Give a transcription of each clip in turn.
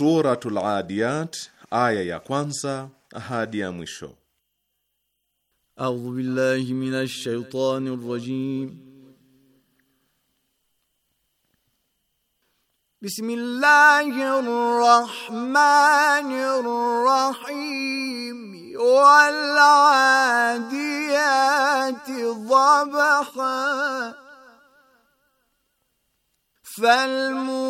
Suratul Adiyat aya ya kwanza hadi ya mwisho. A'udhu billahi minash shaitani rrajim. Bismillahir rahmanir rahim. Wal 'adiyati dhabha. فالمو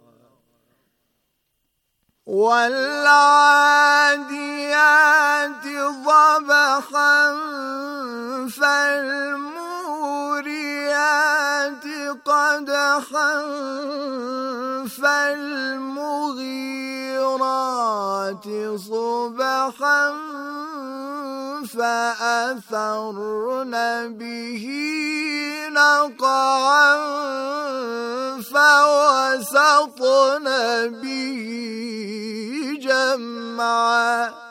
والعاديات ضبحا فالمؤمنين الآيات قد قدحا المغيرات صبحا فأثرن به نقعا فوسطن به جمعا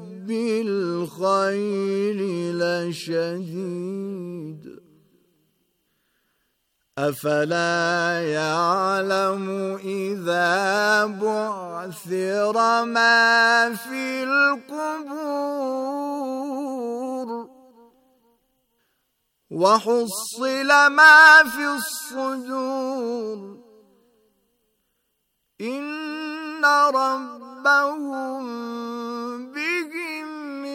بالخير لشديد أفلا يعلم إذا بعثر ما في القبور وحصل ما في الصدور إن ربهم به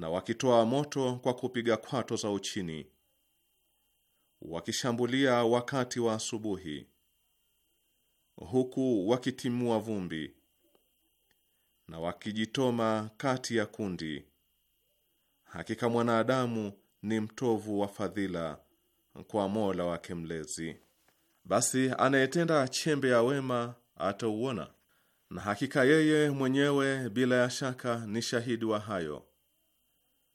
na wakitoa moto kwa kupiga kwato za uchini, wakishambulia wakati wa asubuhi, huku wakitimua vumbi na wakijitoma kati ya kundi. Hakika mwanadamu ni mtovu wa fadhila kwa Mola wake Mlezi. Basi anayetenda chembe ya wema atauona, na hakika yeye mwenyewe bila ya shaka ni shahidi wa hayo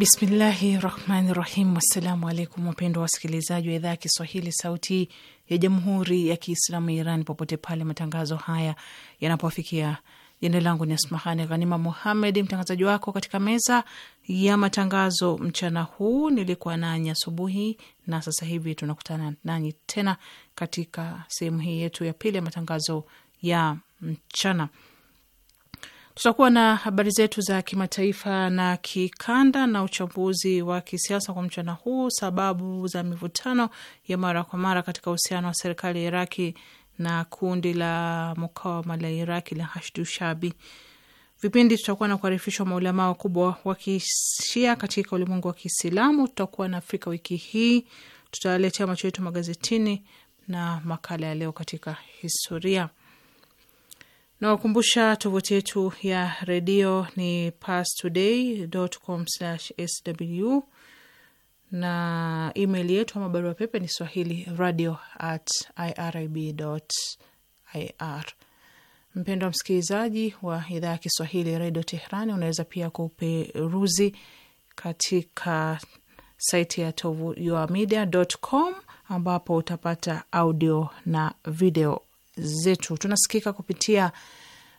Bismillahi rahmani rahim. Wassalamu alaikum, wapendwa wasikilizaji wa idhaa ya Kiswahili sauti ya jamhuri ya Kiislamu ya Iran popote pale matangazo haya yanapofikia. Jina langu ni Asmahani Ghanima Muhamed, mtangazaji wako katika meza ya matangazo mchana huu. Nilikuwa nanyi asubuhi na sasa hivi tunakutana nanyi tena katika sehemu hii yetu ya pili ya matangazo ya mchana. Tutakuwa na habari zetu za kimataifa na kikanda na uchambuzi wa kisiasa kwa mchana huu, sababu za mivutano ya mara kwa mara katika uhusiano wa serikali ya Iraki na kundi la mukawama la Iraki la Hashdu Shabi. Vipindi tutakuwa na kuharifishwa maulamaa wakubwa wa kishia katika ulimwengu wa Kiislamu. Tutakuwa na Afrika wiki hii, tutaletea macho yetu magazetini na makala ya leo katika historia. Nawakumbusha tovuti yetu ya redio ni pastoday.com/sw na email yetu ama barua pepe ni swahili radio at irib.ir. Mpendo wa msikilizaji wa idhaa ya Kiswahili redio Teherani, unaweza pia kuperuzi katika saiti ya mediacom ambapo utapata audio na video zetu. Tunasikika kupitia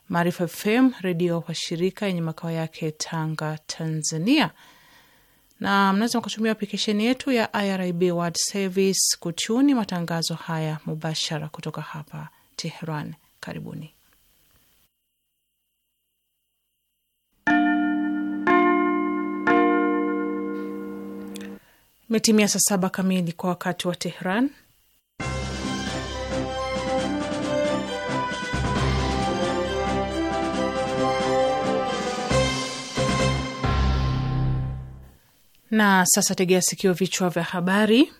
Maarifa FM redio kwa shirika yenye makao yake Tanga, Tanzania, na mnaweza mkatumia aplikesheni yetu ya IRIB World Service kuchuni matangazo haya mubashara kutoka hapa Tehran. Karibuni. Imetimia saa saba kamili kwa wakati wa Tehran Na sasa tegea sikio, vichwa vya habari.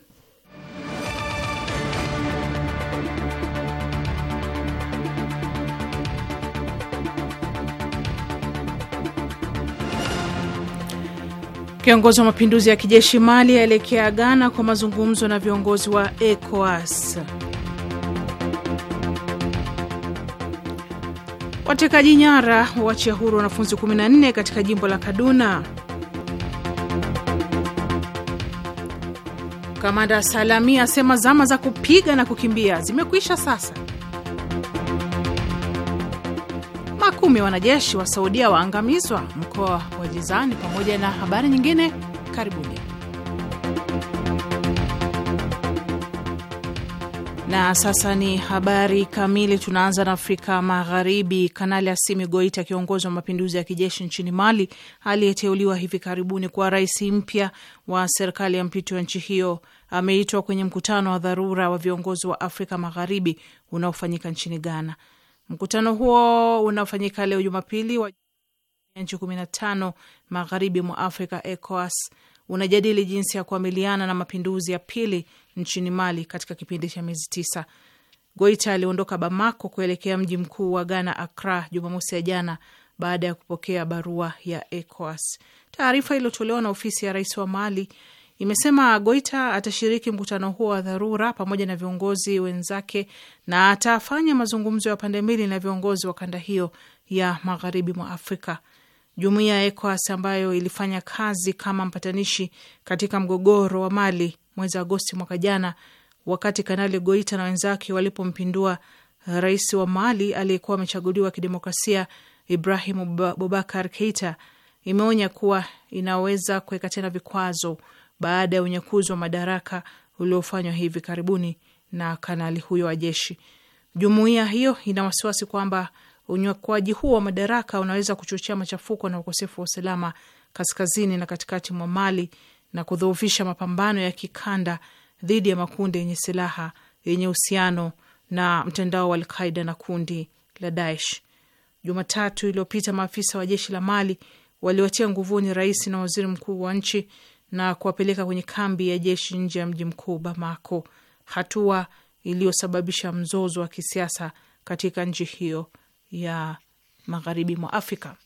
Kiongozi wa mapinduzi ya kijeshi Mali aelekea Ghana kwa mazungumzo na viongozi wa ECOWAS. Watekaji nyara wawachia huru wanafunzi 14 katika jimbo la Kaduna. Kamanda salami asema zama za kupiga na kukimbia zimekwisha sasa. Makumi ya wanajeshi wa Saudia waangamizwa mkoa wa Jizani, pamoja na habari nyingine. Karibuni. Na sasa ni habari kamili. Tunaanza na Afrika Magharibi. Kanali Asimi Goita, kiongozi wa mapinduzi ya kijeshi nchini Mali aliyeteuliwa hivi karibuni kuwa rais mpya wa serikali ya mpito ya nchi hiyo, ameitwa kwenye mkutano wa dharura wa viongozi wa Afrika Magharibi unaofanyika nchini Ghana. Mkutano huo unaofanyika leo Jumapili wa nchi 15 magharibi mwa Afrika, ECOWAS, unajadili jinsi ya kuamiliana na mapinduzi ya pili nchini Mali katika kipindi cha miezi tisa. Goita aliondoka Bamako kuelekea mji mkuu wa Ghana, Akra, Jumamosi ya jana baada ya kupokea barua ya ECOWAS. Taarifa iliyotolewa na ofisi ya rais wa Mali imesema Goita atashiriki mkutano huo wa dharura pamoja na viongozi wenzake na atafanya mazungumzo ya pande mbili na viongozi wa kanda hiyo ya magharibi mwa Afrika. Jumuiya ya ECOWAS ambayo ilifanya kazi kama mpatanishi katika mgogoro wa Mali mwezi Agosti mwaka jana, wakati Kanali Goita na wenzake walipompindua rais wa Mali aliyekuwa amechaguliwa kidemokrasia Ibrahim Bubakar Keita, imeonya kuwa inaweza kuweka tena vikwazo baada ya unyakuzi wa madaraka uliofanywa hivi karibuni na kanali huyo wa jeshi. Jumuiya hiyo ina wasiwasi kwamba unyakwaji huo wa madaraka unaweza kuchochea machafuko na ukosefu wa usalama kaskazini na katikati mwa Mali na kudhoofisha mapambano ya kikanda dhidi ya makundi yenye silaha yenye uhusiano na mtandao wa Alqaida na kundi la Daesh. Jumatatu iliyopita maafisa wa jeshi la Mali waliwatia nguvuni rais na waziri mkuu wa nchi na kuwapeleka kwenye kambi ya jeshi nje ya mji mkuu Bamako, hatua iliyosababisha mzozo wa kisiasa katika nchi hiyo ya magharibi mwa Afrika.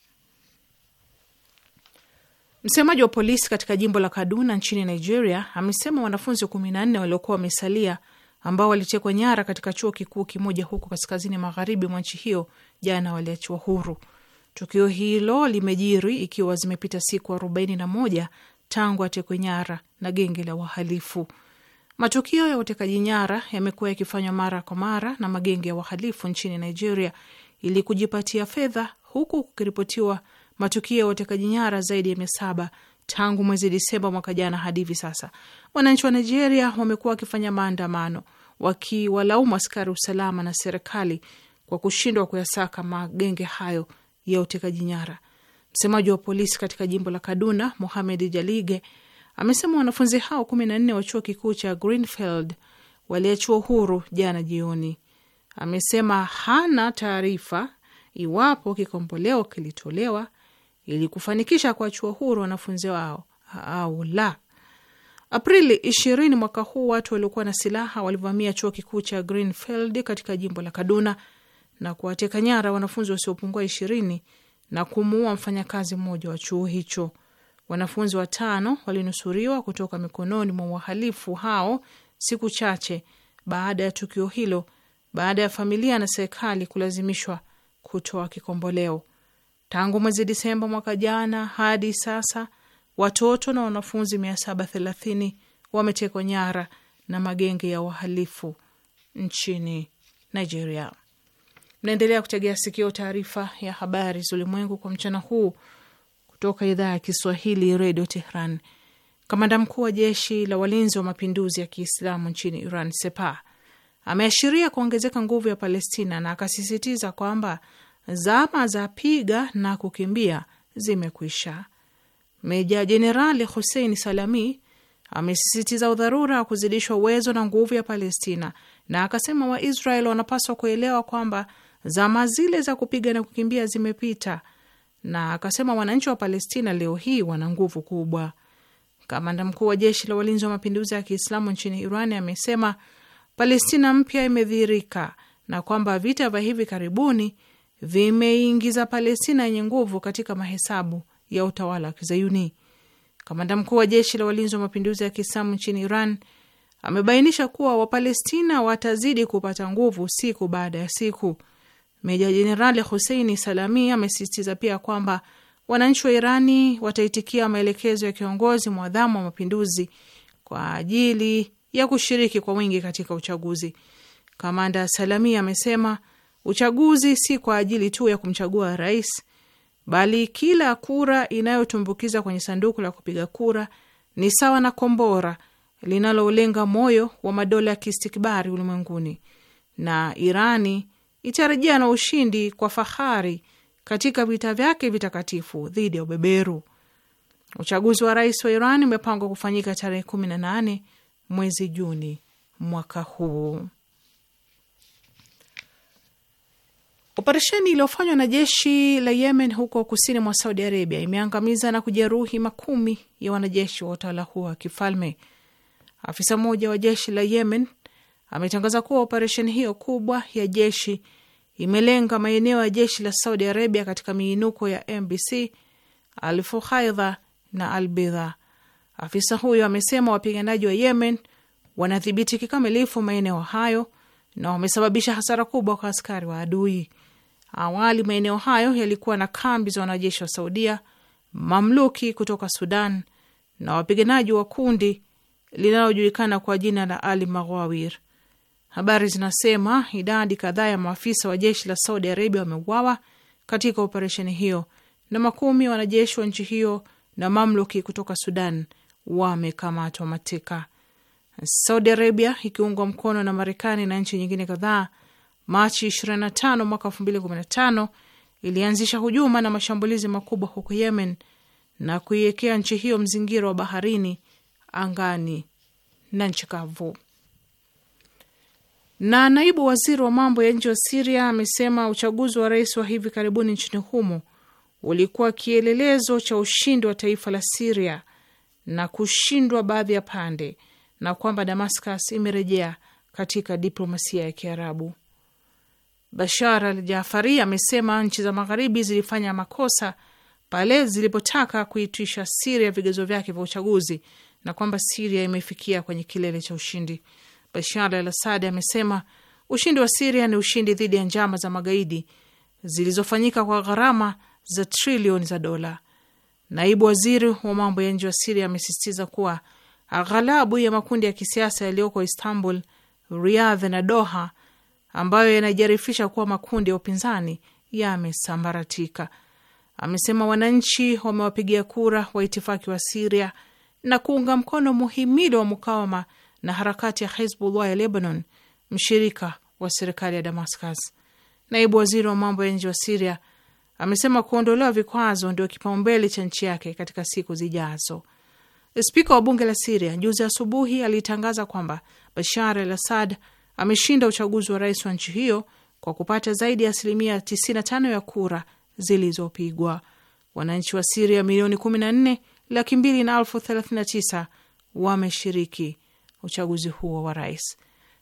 Msemaji wa polisi katika jimbo la Kaduna nchini Nigeria amesema wanafunzi nne waliokuwa wamesalia ambao walitekwa nyara katika chuo kikuu kimoja huko kaskazini magharibi mwa nchi hiyo jana waliachiwa huru. Tukio hilo limejiri ikiwa zimepita siku moja tangu atekwe nyara na genge la wahalifu. Matukio ya utekaji nyara yamekuwa yakifanywa mara kwa mara na magenge ya wahalifu nchini Nigeria ili kujipatia fedha, huku kukiripotiwa matukio ya utekaji nyara zaidi ya mia saba tangu mwezi Disemba mwaka jana hadi hivi sasa. Wananchi wa Nigeria wamekuwa wakifanya maandamano wakiwalaumu askari usalama na serikali kwa kushindwa kuyasaka magenge hayo ya utekaji nyara. Msemaji wa polisi katika jimbo la Kaduna, Mohamed Jalige, amesema wanafunzi hao kumi na nne wa chuo kikuu cha Greenfield waliachiwa huru jana jioni. Amesema hana taarifa iwapo kikomboleo kilitolewa ili kufanikisha kuachua huru wanafunzi wao au la. Aprili 20 mwaka huu watu waliokuwa na silaha walivamia chuo kikuu cha Greenfield katika jimbo la Kaduna na kuwateka nyara wanafunzi wasiopungua ishirini na kumuua mfanyakazi mmoja wa chuo hicho. Wanafunzi watano walinusuriwa kutoka mikononi mwa wahalifu hao siku chache baada ya tukio hilo, baada ya familia na serikali kulazimishwa kutoa kikomboleo. Tangu mwezi Disemba mwaka jana hadi sasa watoto na wanafunzi 730 wametekwa nyara na magenge ya wahalifu nchini Nigeria. Mnaendelea kutegea sikio taarifa ya habari za ulimwengu kwa mchana huu kutoka idhaa ya Kiswahili redio Tehran. Kamanda mkuu wa jeshi la walinzi wa mapinduzi ya Kiislamu nchini Iran, Sepa, ameashiria kuongezeka nguvu ya Palestina na akasisitiza kwamba Zama za piga na kukimbia zimekwisha. Meja Jenerali Hussein Salami amesisitiza udharura wa kuzidishwa uwezo na nguvu ya Palestina na akasema Waisrael wanapaswa kuelewa kwamba zama zile za kupiga na kukimbia zimepita, na akasema wananchi wa Palestina leo hii wana nguvu kubwa. Kamanda mkuu wa jeshi la walinzi wa mapinduzi ya Kiislamu nchini iran amesema Palestina mpya imedhihirika na kwamba vita vya hivi karibuni vimeingiza Palestina yenye nguvu katika mahesabu ya utawala wa Kizayuni. Kamanda mkuu wa jeshi la walinzi wa mapinduzi ya Kiislamu nchini Iran amebainisha kuwa Wapalestina watazidi kupata nguvu siku baada ya siku. Meja Jenerali Huseini Salami amesisitiza pia kwamba wananchi wa Irani wataitikia maelekezo ya kiongozi mwadhamu wa mapinduzi kwa ajili ya kushiriki kwa wingi katika uchaguzi. Kamanda Salami amesema Uchaguzi si kwa ajili tu ya kumchagua rais, bali kila kura inayotumbukiza kwenye sanduku la kupiga kura ni sawa na kombora linalolenga moyo wa madola ya kistikbari ulimwenguni, na Irani itarejea na ushindi kwa fahari katika vita vyake vitakatifu dhidi ya ubeberu. Uchaguzi wa rais wa Iran umepangwa kufanyika tarehe kumi na nane mwezi Juni mwaka huu. Operesheni iliyofanywa na jeshi la Yemen huko kusini mwa Saudi Arabia imeangamiza na kujeruhi makumi ya wanajeshi wa utawala huo wa kifalme. Afisa mmoja wa jeshi la Yemen ametangaza kuwa operesheni hiyo kubwa ya jeshi imelenga maeneo ya jeshi la Saudi Arabia katika miinuko ya MBC, al Fuhaidha na al Bidha. Afisa huyo amesema wapiganaji wa Yemen wanadhibiti kikamilifu maeneo hayo na wamesababisha hasara kubwa kwa askari wa adui. Awali maeneo hayo yalikuwa na kambi za wanajeshi wa Saudia, mamluki kutoka Sudan na wapiganaji wa kundi linalojulikana kwa jina la Ali Maghawir. Habari zinasema idadi kadhaa ya maafisa wa jeshi la Saudi Arabia wameuawa katika operesheni hiyo na makumi wanajeshi wa nchi hiyo na mamluki kutoka Sudan wamekamatwa mateka. Saudi Arabia ikiungwa mkono na Marekani na nchi nyingine kadhaa Machi 25 mwaka 2015 ilianzisha hujuma na mashambulizi makubwa huko Yemen na kuiwekea nchi hiyo mzingiro wa baharini, angani na nchi kavu. Na naibu waziri wa mambo ya nje wa Siria amesema uchaguzi wa rais wa hivi karibuni nchini humo ulikuwa kielelezo cha ushindi wa taifa la Siria na kushindwa baadhi ya pande na kwamba Damascus imerejea katika diplomasia ya Kiarabu. Bashar al Jafari amesema nchi za magharibi zilifanya makosa pale zilipotaka kuitisha Siria vigezo vyake vya uchaguzi na kwamba Siria imefikia kwenye kilele cha ushindi. Bashar al Asad amesema ushindi wa Siria ni ushindi dhidi ya njama za magaidi zilizofanyika kwa gharama za trilioni za dola. Naibu waziri wa mambo ya nje wa Siria amesisitiza kuwa aghalabu ya makundi ya kisiasa yaliyoko Istanbul, Riyadh na Doha ambayo yanajarifisha kuwa makundi ya upinzani yamesambaratika. Amesema wananchi wamewapigia kura wa itifaki wa Siria na kuunga mkono muhimili wa mukawama na harakati ya Hezbullah ya Lebanon, mshirika wa serikali ya Damascus. Naibu waziri wa mambo ya nje wa Siria amesema kuondolewa vikwazo ndio kipaumbele cha nchi yake katika siku zijazo. Spika wa bunge la Siria juzi asubuhi alitangaza kwamba Bashar al Assad ameshinda uchaguzi wa rais wa nchi hiyo kwa kupata zaidi ya asilimia 95 ya kura zilizopigwa. Wananchi wa Siria milioni 14 laki mbili na elfu 39 wameshiriki uchaguzi huo wa rais.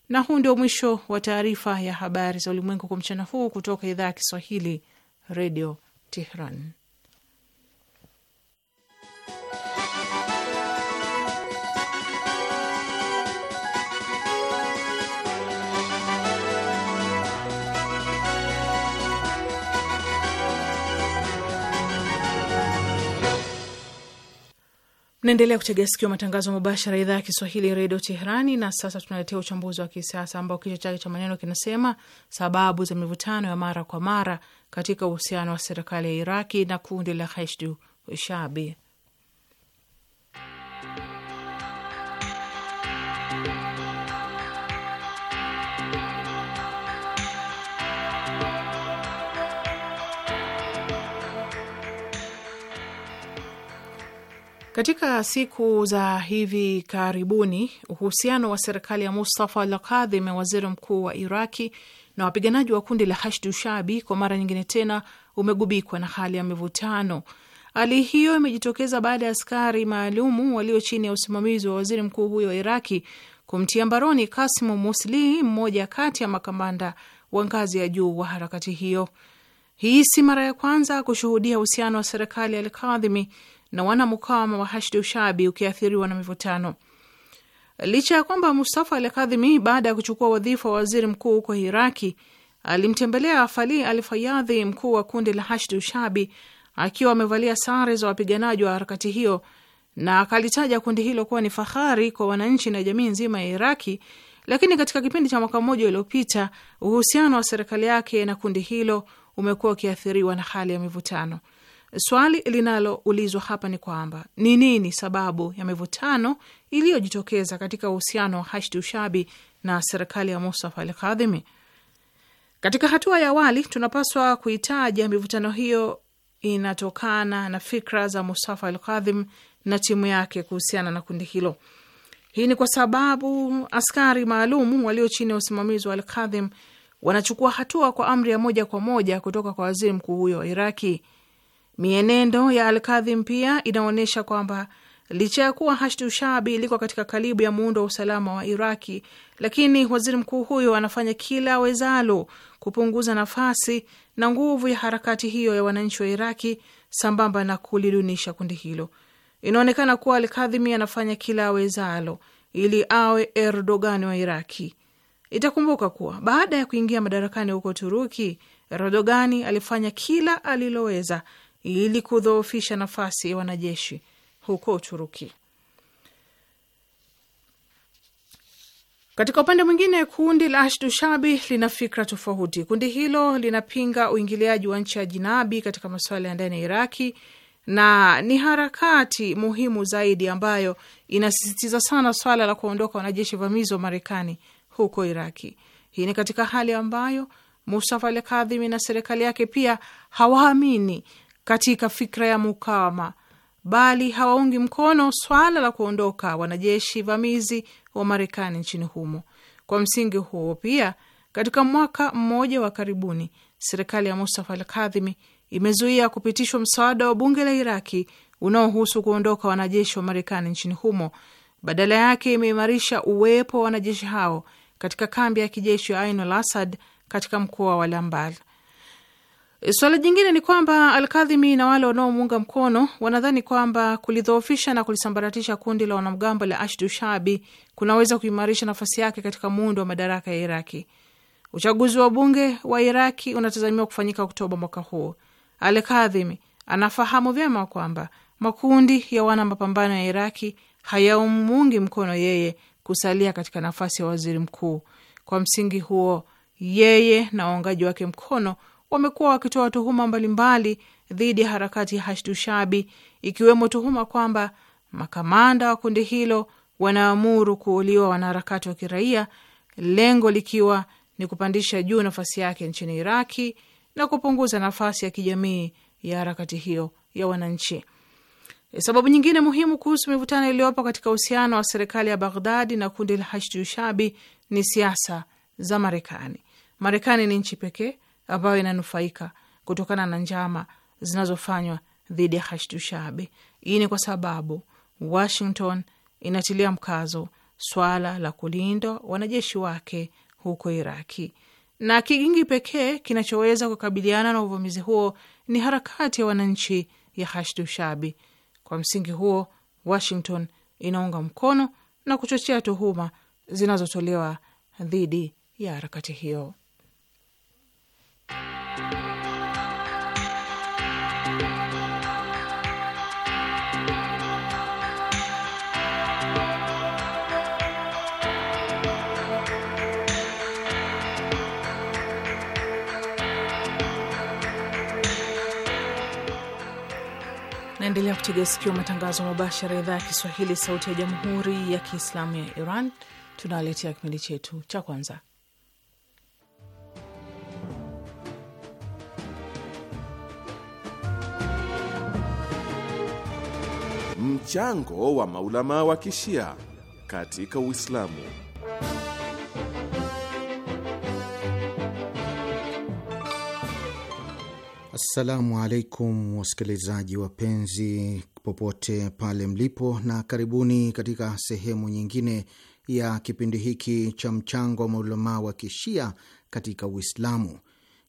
Na huu ndio mwisho wa taarifa ya habari za ulimwengu kwa mchana huu kutoka idhaa ya Kiswahili, Redio Tehran. Naendelea kutegea sikio matangazo mubashara idhaa ya Kiswahili redio Teherani. Na sasa tunaletea uchambuzi wa kisiasa ambao kichwa chake cha maneno kinasema sababu za mivutano ya mara kwa mara katika uhusiano wa serikali ya Iraki na kundi la Hashdu Shabi. Katika siku za hivi karibuni, uhusiano wa serikali ya Mustafa al Kadhim, waziri mkuu wa Iraki, na wapiganaji wa kundi la Hashdu Shabi kwa mara nyingine tena umegubikwa na hali ya mivutano. Hali hiyo imejitokeza baada ya askari maalumu walio chini ya usimamizi wa waziri mkuu huyo wa Iraki kumtia mbaroni Kasimu Musli, mmoja kati ya makamanda wa ngazi ya juu wa harakati hiyo. Hii si mara ya kwanza kushuhudia uhusiano wa serikali ya Alkadhimi na wanamukawama wa Hashdi Ushabi ukiathiriwa na mivutano. Licha ya kwamba Mustafa Al Kadhimi baada ya kuchukua wadhifa wa waziri mkuu huko Iraki alimtembelea Fali Al Fayadhi, mkuu wa kundi la Hashdi Ushabi, akiwa amevalia sare za wapiganaji wa harakati hiyo na akalitaja kundi hilo kuwa ni fahari kwa wananchi na jamii nzima ya Iraki. Lakini katika kipindi cha mwaka mmoja uliopita uhusiano wa serikali yake na kundi hilo umekuwa ukiathiriwa na hali ya mivutano. Swali linaloulizwa hapa ni kwamba ni nini sababu ya mivutano iliyojitokeza katika uhusiano wa Hashdi Ushabi na serikali ya Mustafa al Kadhimi. Katika hatua ya awali, tunapaswa kuitaja mivutano hiyo inatokana na fikra za Mustafa al Kadhim na timu yake kuhusiana na kundi hilo. Hii ni kwa sababu askari maalum walio chini ya usimamizi wa al Kadhim wanachukua hatua kwa amri ya moja kwa moja kutoka kwa waziri mkuu huyo wa Iraki. Mienendo ya Alkadhim pia inaonyesha kwamba licha ya kuwa Hashdu Shabi iliko katika karibu ya muundo wa usalama wa Iraki, lakini waziri mkuu huyo anafanya kila awezalo kupunguza nafasi na nguvu ya harakati hiyo ya wananchi wa Iraki sambamba na kulidunisha kundi hilo. Inaonekana kuwa Alkadhimi anafanya kila awezalo ili awe Erdogan wa Iraki. Itakumbuka kuwa baada ya kuingia madarakani huko Turuki, Erdogani alifanya kila aliloweza ili kudhoofisha nafasi ya wanajeshi huko Uturuki. Katika upande mwingine, kundi la Ashdu Shabi lina fikra tofauti. Kundi hilo linapinga uingiliaji wa nchi ya jinabi katika masuala ya ndani ya Iraki na ni harakati muhimu zaidi ambayo inasisitiza sana swala la kuondoka wanajeshi vamizi wa Marekani huko Iraki. Hii ni katika hali ambayo Mustafa Al Kadhimi na serikali yake pia hawaamini katika fikra ya mukawama, bali hawaungi mkono swala la kuondoka wanajeshi vamizi wa Marekani nchini humo. Kwa msingi huo pia, katika mwaka mmoja wa karibuni, serikali ya Mustafa al Kadhimi imezuia kupitishwa mswada wa bunge la Iraki unaohusu kuondoka wanajeshi wa Marekani nchini humo. Badala yake imeimarisha uwepo wa wanajeshi hao katika kambi ya kijeshi ya Ain al Asad katika mkoa wa Lambal. Eh, Swala jingine ni kwamba Alkadhimi na wale wanaomuunga mkono wanadhani kwamba kulidhoofisha na kulisambaratisha kundi la wanamgambo la Ashdu Shabi kunaweza kuimarisha nafasi yake katika muundo wa madaraka ya Iraki. Uchaguzi wa bunge wa Iraki unatazamiwa kufanyika Oktoba mwaka huu. Alkadhimi anafahamu vyema kwamba makundi ya wana mapambano ya Iraki hayamuungi mkono yeye kusalia katika nafasi ya waziri mkuu. Kwa msingi huo, yeye na waungaji wake mkono wamekuwa wakitoa tuhuma mbalimbali dhidi ya harakati ya Hashdu Shabi, ikiwemo tuhuma kwamba makamanda wa kundi hilo wanaamuru kuuliwa wanaharakati wa kiraia, lengo likiwa ni kupandisha juu nafasi yake nchini Iraki na kupunguza nafasi ya kijamii ya harakati hiyo ya wananchi. E, sababu nyingine muhimu kuhusu mivutano iliyopo katika uhusiano wa serikali ya Baghdadi na kundi la Hashdu Shabi ni siasa za Marekani. Marekani ni nchi pekee ambayo inanufaika kutokana na njama zinazofanywa dhidi ya Hashdu Shabi. Hii ni kwa sababu Washington inatilia mkazo swala la kulindwa wanajeshi wake huko Iraki, na kigingi pekee kinachoweza kukabiliana na uvamizi huo ni harakati ya wananchi ya Hashdu Shabi. Kwa msingi huo, Washington inaunga mkono na kuchochea tuhuma zinazotolewa dhidi ya harakati hiyo. Naendelea kutega sikio matangazo mubashara idhaa ya Kiswahili, sauti ya jamhuri ya kiislamu ya Iran. Tunawaletea kipindi chetu cha kwanza Mchango wa maulama wa kishia katika Uislamu. Assalamu alaikum wasikilizaji wapenzi, popote pale mlipo, na karibuni katika sehemu nyingine ya kipindi hiki cha mchango wa maulamaa wa kishia katika Uislamu,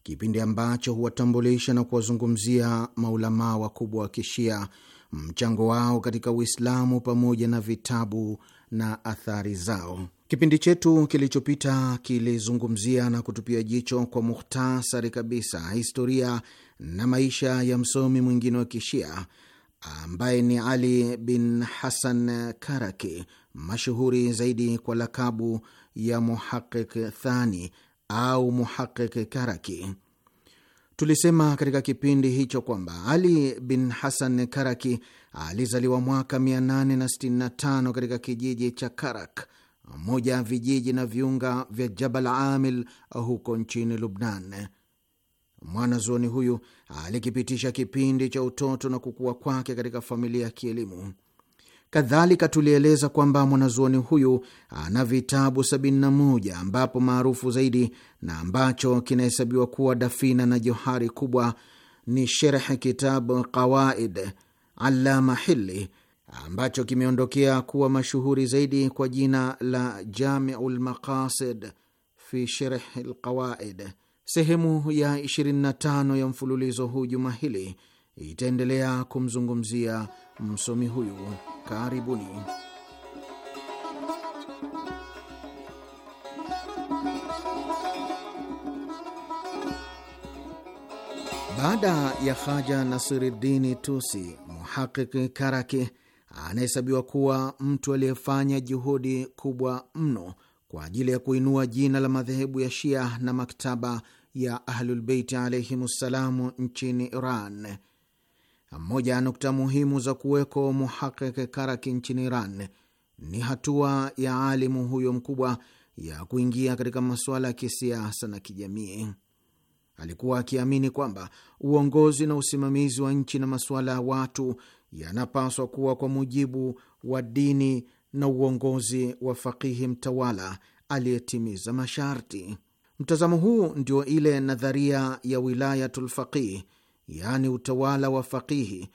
kipindi ambacho huwatambulisha na kuwazungumzia maulamaa wakubwa wa kishia mchango wao katika Uislamu pamoja na vitabu na athari zao. Kipindi chetu kilichopita kilizungumzia na kutupia jicho kwa muhtasari kabisa historia na maisha ya msomi mwingine wa Kishia ambaye ni Ali bin Hasan Karaki, mashuhuri zaidi kwa lakabu ya Muhaqiq Thani au Muhaqiq Karaki. Tulisema katika kipindi hicho kwamba Ali bin Hasan Karaki alizaliwa mwaka 865 katika kijiji cha Karak, moja ya vijiji na viunga vya Jabal Amil huko nchini Lubnan. Mwanazuoni huyu alikipitisha kipindi cha utoto na kukua kwake katika familia ya kielimu. Kadhalika tulieleza kwamba mwanazuoni huyu ana vitabu 71 ambapo maarufu zaidi na ambacho kinahesabiwa kuwa dafina na johari kubwa ni sherhe kitabu Qawaid Allama Hili ambacho kimeondokea kuwa mashuhuri zaidi kwa jina la Jamiu lMaqasid fi sherhi lQawaid. Sehemu ya 25 ya mfululizo huu juma hili itaendelea kumzungumzia msomi huyu. Karibuni. Baada ya Haja nasiridini Tusi, Muhaqiki Karaki anahesabiwa kuwa mtu aliyefanya juhudi kubwa mno kwa ajili ya kuinua jina la madhehebu ya Shia na maktaba ya Ahlulbeiti alaihim ssalamu nchini Iran. Moja ya nukta muhimu za kuweko Muhakiki Karaki nchini Iran ni hatua ya alimu huyo mkubwa ya kuingia katika masuala ya kisiasa na kijamii. Alikuwa akiamini kwamba uongozi na usimamizi wa nchi na masuala ya watu yanapaswa kuwa kwa mujibu wa dini na uongozi wa fakihi mtawala aliyetimiza masharti. Mtazamo huu ndio ile nadharia ya wilayatulfaqih yaani utawala wa faqihi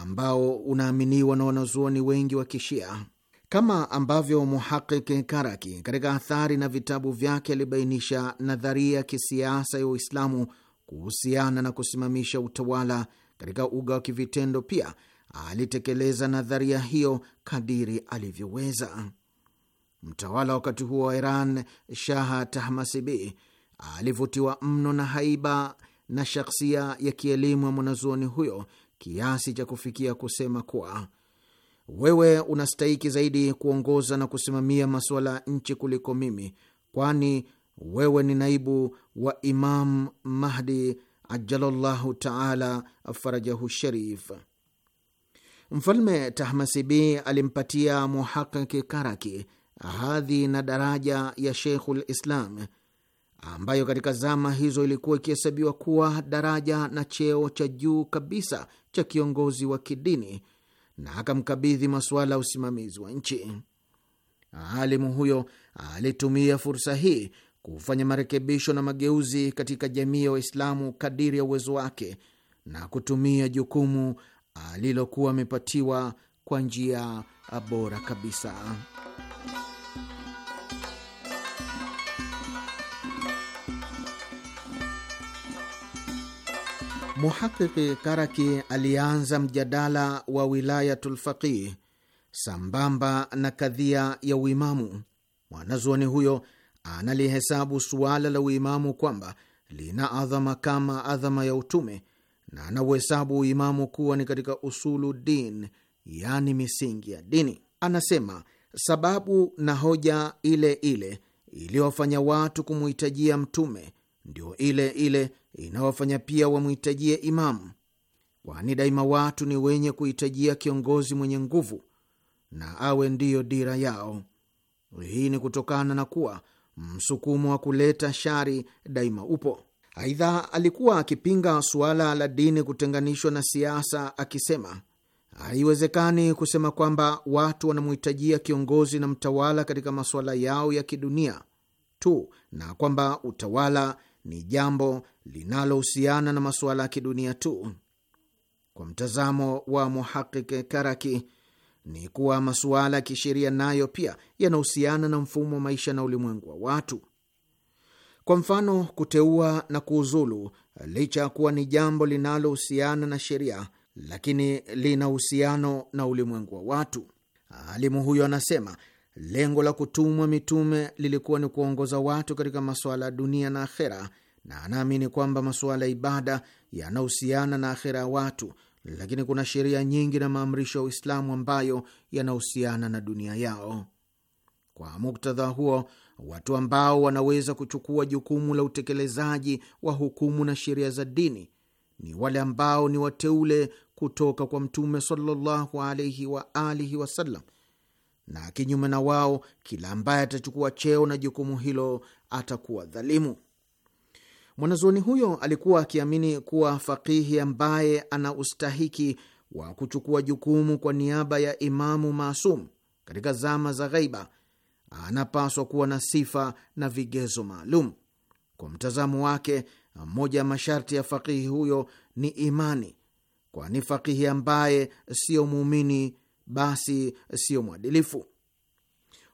ambao unaaminiwa na wanazuoni wengi wa Kishia. Kama ambavyo muhaqiki Karaki katika athari na vitabu vyake alibainisha nadharia ya kisiasa ya Uislamu kuhusiana na kusimamisha utawala katika uga wa kivitendo, pia alitekeleza nadharia hiyo kadiri alivyoweza. Mtawala wakati huo wa Iran, Shaha Tahmasibi, alivutiwa mno na haiba na shakhsia ya kielimu ya mwanazuoni huyo kiasi cha kufikia kusema kuwa wewe unastahiki zaidi kuongoza na kusimamia masuala ya nchi kuliko mimi, kwani wewe ni naibu wa Imam Mahdi ajalallahu taala farajahu sharif. Mfalme Tahmasibi alimpatia Muhaqiki Karaki hadhi na daraja ya Sheikhul Islam ambayo katika zama hizo ilikuwa ikihesabiwa kuwa daraja na cheo cha juu kabisa cha kiongozi wa kidini, na akamkabidhi masuala ya usimamizi wa nchi. Alimu huyo alitumia fursa hii kufanya marekebisho na mageuzi katika jamii ya Waislamu kadiri ya uwezo wake na kutumia jukumu alilokuwa amepatiwa kwa njia bora kabisa. Muhakiki Karaki alianza mjadala wa wilayatulfaqih sambamba na kadhia ya uimamu. Mwanazuoni huyo analihesabu suala la uimamu kwamba lina adhama kama adhama ya utume na anauhesabu uimamu kuwa ni katika usulu din, yaani misingi ya dini. Anasema sababu na hoja ile ile iliyowafanya watu kumuhitajia mtume ndio ile ile inawafanya pia wamhitajie imamu, kwani daima watu ni wenye kuhitajia kiongozi mwenye nguvu na awe ndiyo dira yao. Hii ni kutokana na kuwa msukumo wa kuleta shari daima upo. Aidha, alikuwa akipinga suala la dini kutenganishwa na siasa, akisema haiwezekani kusema kwamba watu wanamhitajia kiongozi na mtawala katika masuala yao ya kidunia tu na kwamba utawala ni jambo linalohusiana na masuala ya kidunia tu. Kwa mtazamo wa Muhakik Karaki ni kuwa masuala ya kisheria nayo pia yanahusiana na mfumo wa maisha na ulimwengu wa watu. Kwa mfano, kuteua na kuuzulu, licha ya kuwa ni jambo linalohusiana na sheria, lakini lina uhusiano na ulimwengu wa watu. Alimu huyo anasema lengo la kutumwa mitume lilikuwa ni kuongoza watu katika masuala ya dunia na akhera na anaamini kwamba masuala ya ibada yanahusiana na akhira ya watu, lakini kuna sheria nyingi na maamrisho ya Uislamu ambayo yanahusiana na dunia yao. Kwa muktadha huo, watu ambao wanaweza kuchukua jukumu la utekelezaji wa hukumu na sheria za dini ni wale ambao ni wateule kutoka kwa Mtume sallallahu alaihi wa alihi wasallam, na kinyume na wao, kila ambaye atachukua cheo na jukumu hilo atakuwa dhalimu. Mwanazuoni huyo alikuwa akiamini kuwa fakihi ambaye ana ustahiki wa kuchukua jukumu kwa niaba ya imamu maasum katika zama za ghaiba anapaswa kuwa na sifa na vigezo maalum. Kwa mtazamo wake, mmoja ya masharti ya fakihi huyo ni imani, kwani fakihi ambaye siyo muumini basi siyo mwadilifu.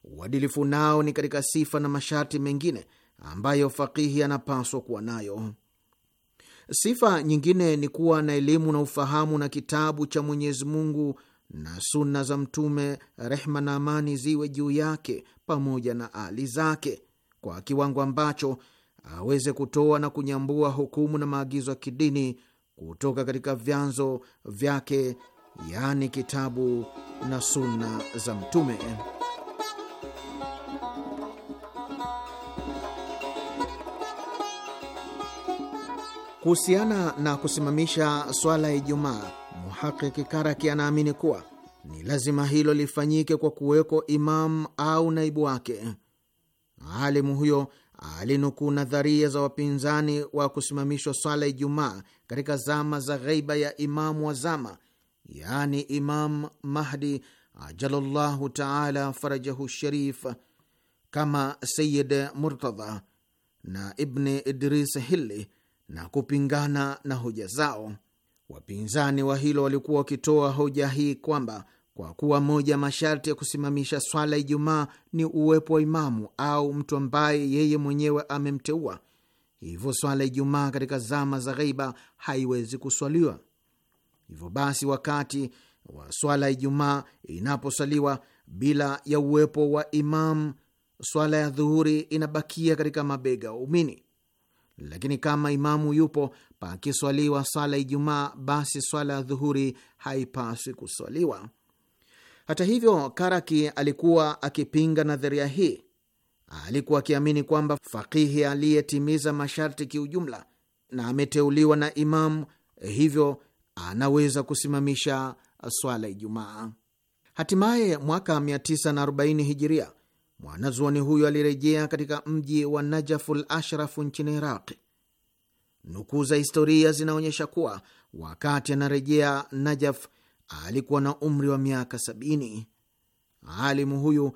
Uadilifu nao ni katika sifa na masharti mengine ambayo fakihi anapaswa kuwa nayo. Sifa nyingine ni kuwa na elimu na ufahamu na kitabu cha Mwenyezi Mungu na sunna za Mtume, rehma na amani ziwe juu yake pamoja na ali zake, kwa kiwango ambacho aweze kutoa na kunyambua hukumu na maagizo ya kidini kutoka katika vyanzo vyake, yaani kitabu na sunna za Mtume. Kuhusiana na kusimamisha swala ya Ijumaa, Muhakiki Karaki anaamini kuwa ni lazima hilo lifanyike kwa kuweko imamu au naibu wake. Alimu huyo alinukuu nadharia za wapinzani wa kusimamishwa swala Ijumaa katika zama za ghaiba ya imamu wa zama, yaani Imam Mahdi ajalallahu taala farajahu sharif, kama Sayid Murtadha na Ibni Idris Hilli na kupingana na hoja zao. Wapinzani wa hilo walikuwa wakitoa hoja hii kwamba kwa kuwa moja ya masharti ya kusimamisha swala Ijumaa ni uwepo wa imamu au mtu ambaye yeye mwenyewe amemteua, hivyo swala Ijumaa katika zama za ghaiba haiwezi kuswaliwa. Hivyo basi, wakati wa swala Ijumaa inaposwaliwa bila ya uwepo wa imamu, swala ya dhuhuri inabakia katika mabega waumini lakini kama imamu yupo pakiswaliwa swala Ijumaa, basi swala ya dhuhuri haipaswi kuswaliwa. Hata hivyo, Karaki alikuwa akipinga nadharia hii. Alikuwa akiamini kwamba fakihi aliyetimiza masharti kiujumla na ameteuliwa na imamu, hivyo anaweza kusimamisha swala Ijumaa. Hatimaye mwaka 940 hijiria Mwanazuoni huyo alirejea katika mji wa Najaful Ashrafu nchini Iraqi. Nukuu za historia zinaonyesha kuwa wakati anarejea Najaf alikuwa na umri wa miaka sabini. Alimu huyu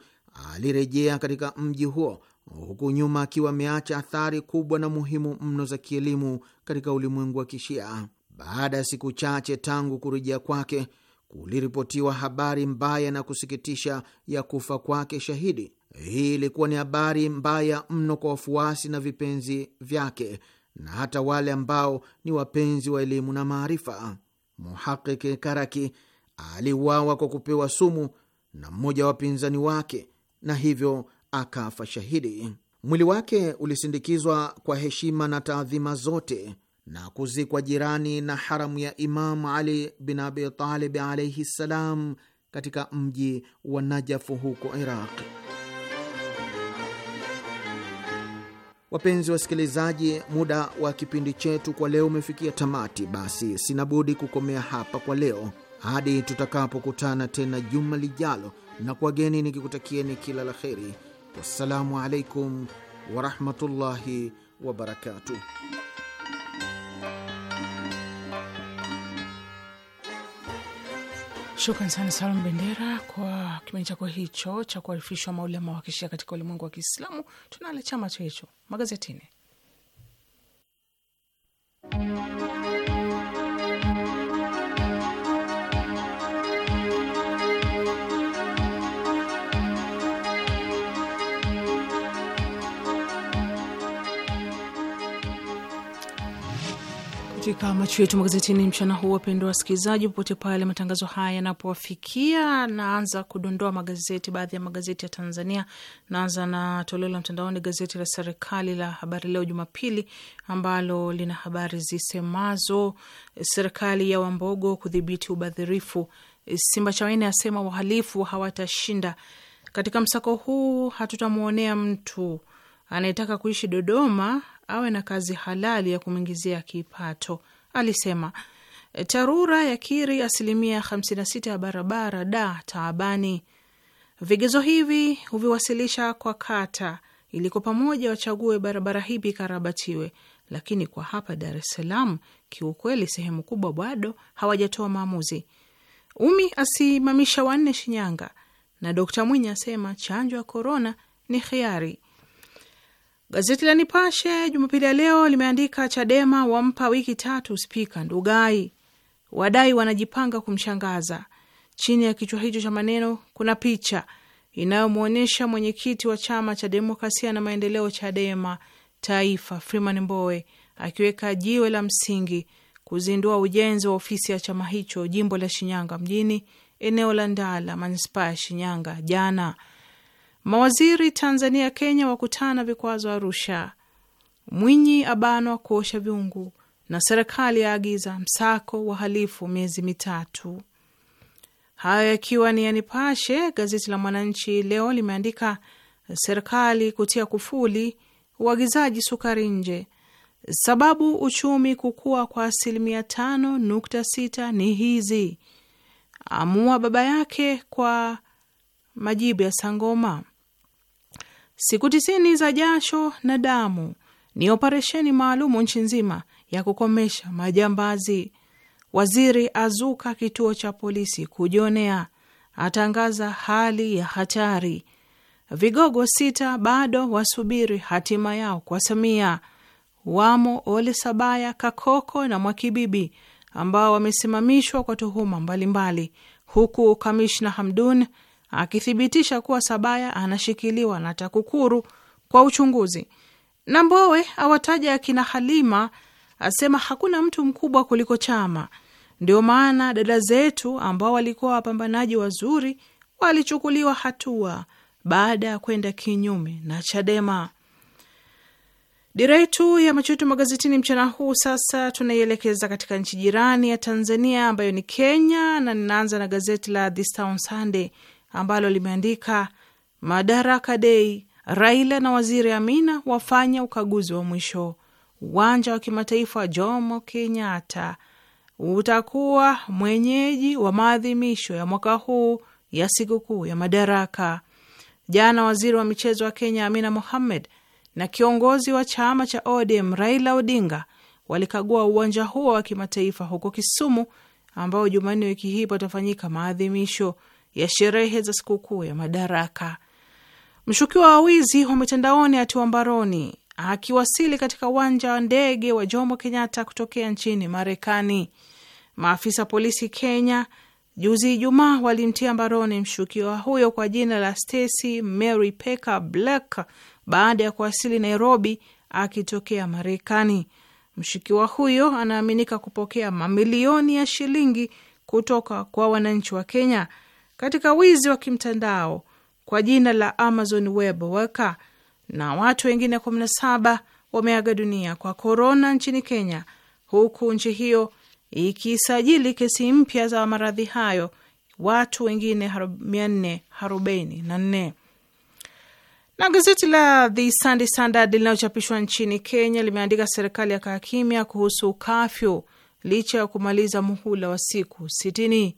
alirejea katika mji huo huku nyuma akiwa ameacha athari kubwa na muhimu mno za kielimu katika ulimwengu wa Kishia. Baada ya siku chache tangu kurejea kwake, kuliripotiwa habari mbaya na kusikitisha ya kufa kwake shahidi. Hii ilikuwa ni habari mbaya mno kwa wafuasi na vipenzi vyake na hata wale ambao ni wapenzi wa elimu na maarifa. Muhakiki Karaki aliuawa kwa kupewa sumu na mmoja wa wapinzani wake na hivyo akafa shahidi. Mwili wake ulisindikizwa kwa heshima na taadhima zote na kuzikwa jirani na haramu ya Imamu Ali bin Abi Talib alaihi ssalam katika mji wa Najafu huko Iraq. Wapenzi wasikilizaji, muda wa kipindi chetu kwa leo umefikia tamati, basi sina budi kukomea hapa kwa leo hadi tutakapokutana tena juma lijalo, na kwageni nikikutakieni kila la kheri. Wassalamu alaikum warahmatullahi wabarakatuh. Shukran sana Salum Bendera kwa kipindi chako hicho cha kuarifishwa maulama wa kishia katika ulimwengu wa Kiislamu. Tunale chama magazetini katika macho yetu magazetini mchana huu, wapendwa wasikilizaji, popote pale matangazo haya yanapowafikia, naanza kudondoa magazeti, baadhi ya magazeti ya Tanzania. Naanza na toleo la mtandaoni, gazeti la serikali la Habari Leo Jumapili, ambalo lina habari zisemazo: serikali ya Wambogo kudhibiti ubadhirifu, Simba Chaweni asema wahalifu hawatashinda katika msako huu, hatutamwonea mtu anayetaka kuishi Dodoma awe na kazi halali ya kumwingizia kipato. Alisema TARURA ya kiri asilimia 56 ya barabara da taabani. Vigezo hivi huviwasilisha kwa kata ili kwa pamoja wachague barabara hipi karabatiwe, lakini kwa hapa Dar es Salaam kiukweli, sehemu kubwa bado hawajatoa maamuzi. Umi asimamisha wanne Shinyanga, na d Mwinyi asema chanjo ya korona ni khiari. Gazeti la Nipashe Jumapili ya leo limeandika Chadema wampa wiki tatu spika Ndugai, wadai wanajipanga kumshangaza. Chini ya kichwa hicho cha maneno kuna picha inayomwonyesha mwenyekiti wa chama cha demokrasia na maendeleo Chadema Taifa, Freeman Mbowe akiweka jiwe la msingi kuzindua ujenzi wa ofisi ya chama hicho jimbo la Shinyanga mjini, eneo la Ndala, manispaa ya Shinyanga jana. Mawaziri Tanzania Kenya wakutana vikwazo Arusha. Mwinyi abanwa kuosha vyungu na serikali yaagiza msako wahalifu miezi mitatu. Hayo yakiwa ni yanipashe. Gazeti la Mwananchi leo limeandika serikali kutia kufuli uagizaji sukari nje, sababu uchumi kukua kwa asilimia tano nukta sita ni hizi, amua baba yake kwa majibu ya Sangoma. Siku tisini za jasho na damu ni operesheni maalumu nchi nzima ya kukomesha majambazi. Waziri azuka kituo cha polisi kujionea, atangaza hali ya hatari. Vigogo sita bado wasubiri hatima yao kwa Samia. Wamo Ole Sabaya, Kakoko na Mwakibibi ambao wamesimamishwa kwa tuhuma mbalimbali, huku kamishna Hamdun akithibitisha kuwa Sabaya anashikiliwa na TAKUKURU kwa uchunguzi, na Mbowe awataja akina Halima, asema hakuna mtu mkubwa kuliko chama. Ndio maana dada zetu ambao walikuwa wapambanaji wazuri walichukuliwa hatua baada ya kwenda kinyume na Chadema. Dira yetu ya macho yetu magazetini mchana huu sasa tunaielekeza katika nchi jirani ya Tanzania ambayo ni Kenya, na ninaanza na gazeti la This Town Sunday ambalo limeandika Madaraka Dei, Raila na Waziri Amina wafanya ukaguzi wa mwisho. Uwanja wa kimataifa wa Jomo Kenyatta utakuwa mwenyeji wa maadhimisho ya mwaka huu ya sikukuu ya Madaraka. Jana waziri wa michezo wa Kenya Amina Mohamed na kiongozi wa chama cha ODM Raila Odinga walikagua uwanja huo wa kimataifa huko Kisumu, ambao Jumanne wiki hii patafanyika maadhimisho ya sherehe za sikukuu ya Madaraka. Mshukiwa wa wizi wa mitandaoni atiwa mbaroni akiwasili katika uwanja wa ndege wa Jomo Kenyatta kutokea nchini Marekani. Maafisa polisi Kenya juzi Ijumaa walimtia mbaroni mshukiwa huyo kwa jina la Stacy Mary peka Black baada ya kuwasili Nairobi akitokea Marekani. Mshukiwa huyo anaaminika kupokea mamilioni ya shilingi kutoka kwa wananchi wa Kenya katika wizi wa kimtandao kwa jina la Amazon Web Worker na watu wengine 17 wameaga dunia kwa korona nchini Kenya, huku nchi hiyo ikisajili kesi mpya za maradhi hayo watu wengine 444. Na gazeti la The Sunday Standard linalochapishwa nchini Kenya limeandika serikali ya kahakimia kuhusu kafyu licha ya kumaliza muhula wa siku sitini.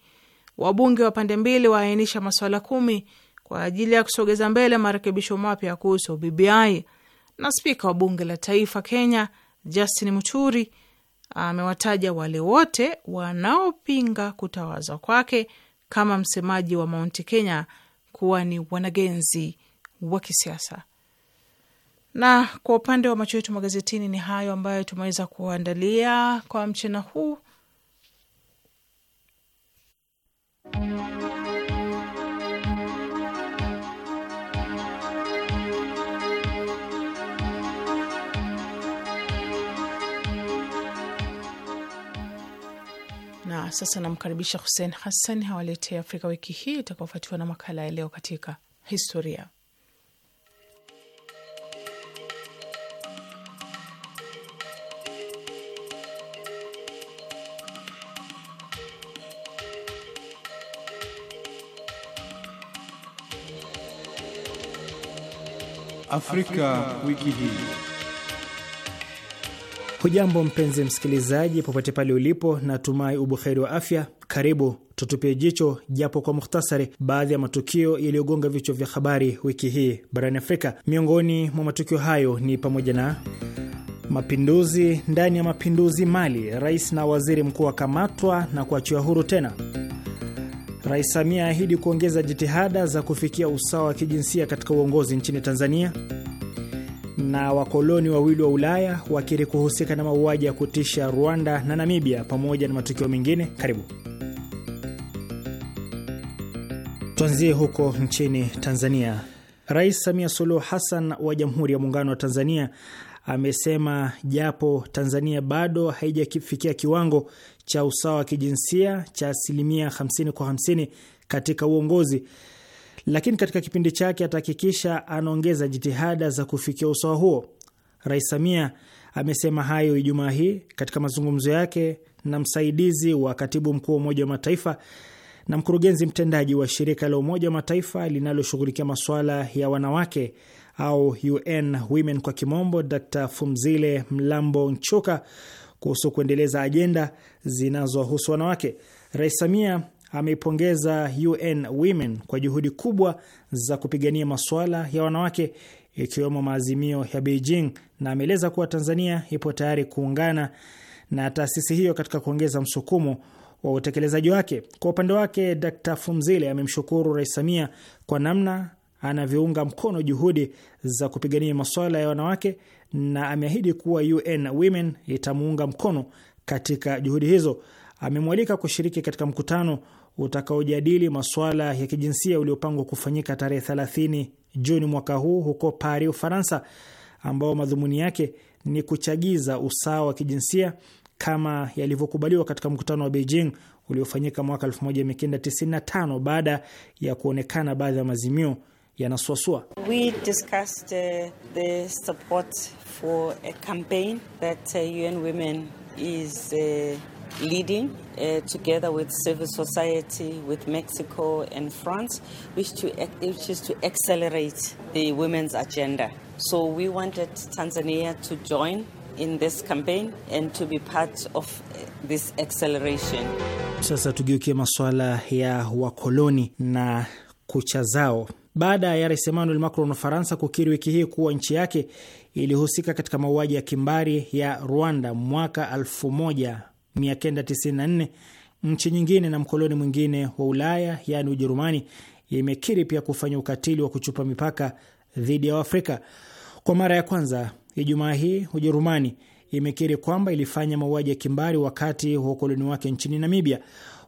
Wabunge wa pande mbili waainisha masuala kumi kwa ajili ya kusogeza mbele marekebisho mapya kuhusu BBI. Na spika wa bunge la taifa Kenya Justin Muturi amewataja wale wote wanaopinga kutawazwa kwake kama msemaji wa Mount Kenya kuwa ni wanagenzi wa kisiasa. Na kwa upande wa macho yetu magazetini, ni hayo ambayo tumeweza kuandalia kwa mchana huu. Na sasa namkaribisha Hussein Hassan hawaletea Afrika wiki hii itakaofuatiwa na makala ya leo katika historia. Afrika wiki hii. Hujambo mpenzi msikilizaji, popote pale ulipo, natumai ubuheri wa afya. Karibu tutupie jicho japo kwa muhtasari baadhi ya matukio yaliyogonga vichwa vya habari wiki hii barani Afrika. Miongoni mwa matukio hayo ni pamoja na mapinduzi ndani ya mapinduzi Mali, rais na waziri mkuu wakamatwa na kuachiwa huru tena Rais Samia ahidi kuongeza jitihada za kufikia usawa wa kijinsia katika uongozi nchini Tanzania, na wakoloni wawili wa Ulaya wakiri kuhusika na mauaji ya kutisha Rwanda na Namibia, pamoja na matukio mengine. Karibu tuanzie huko nchini Tanzania. Rais Samia Suluhu Hassan wa Jamhuri ya Muungano wa Tanzania amesema japo Tanzania bado haijafikia kiwango cha usawa wa kijinsia cha asilimia 50 kwa 50 katika uongozi, lakini katika kipindi chake atahakikisha anaongeza jitihada za kufikia usawa huo. Rais Samia amesema hayo Ijumaa hii katika mazungumzo yake na msaidizi wa katibu mkuu wa Umoja wa Mataifa na mkurugenzi mtendaji wa shirika la Umoja wa Mataifa linaloshughulikia masuala ya wanawake au UN Women kwa kimombo, Dr Fumzile Mlambo Nchuka kuhusu kuendeleza ajenda zinazohusu wanawake. Rais Samia ameipongeza UN Women kwa juhudi kubwa za kupigania masuala ya wanawake ikiwemo maazimio ya Beijing na ameeleza kuwa Tanzania ipo tayari kuungana na taasisi hiyo katika kuongeza msukumo wa utekelezaji wake. Kwa upande wake, d Fumzile amemshukuru Rais Samia kwa namna anavyounga mkono juhudi za kupigania masuala ya wanawake na ameahidi kuwa UN Women itamuunga mkono katika juhudi hizo. Amemwalika kushiriki katika mkutano utakaojadili masuala ya kijinsia uliopangwa kufanyika tarehe 30 Juni mwaka huu huko Paris, Ufaransa, ambao madhumuni yake ni kuchagiza usawa wa kijinsia kama yalivyokubaliwa katika mkutano wa Beijing uliofanyika mwaka 1995 baada ya kuonekana baadhi ya maazimio yanasuasua. Uh, leading, uh, together with civil society, with Mexico and France, which, to, which is to accelerate the women's agenda. So we wanted Tanzania to join in this campaign and to be part of uh, this acceleration. Sasa tugeukie masuala ya wakoloni na kucha zao baada ya Rais Emmanuel Macron wa Faransa kukiri wiki hii kuwa nchi yake ilihusika katika mauaji ya kimbari ya Rwanda mwaka 1994. Nchi nyingine na mkoloni mwingine wa Ulaya yaani Ujerumani imekiri pia kufanya ukatili wa kuchupa mipaka dhidi ya Waafrika. Kwa mara ya kwanza Ijumaa hii Ujerumani imekiri kwamba ilifanya mauaji ya kimbari wakati wa ukoloni wake nchini Namibia.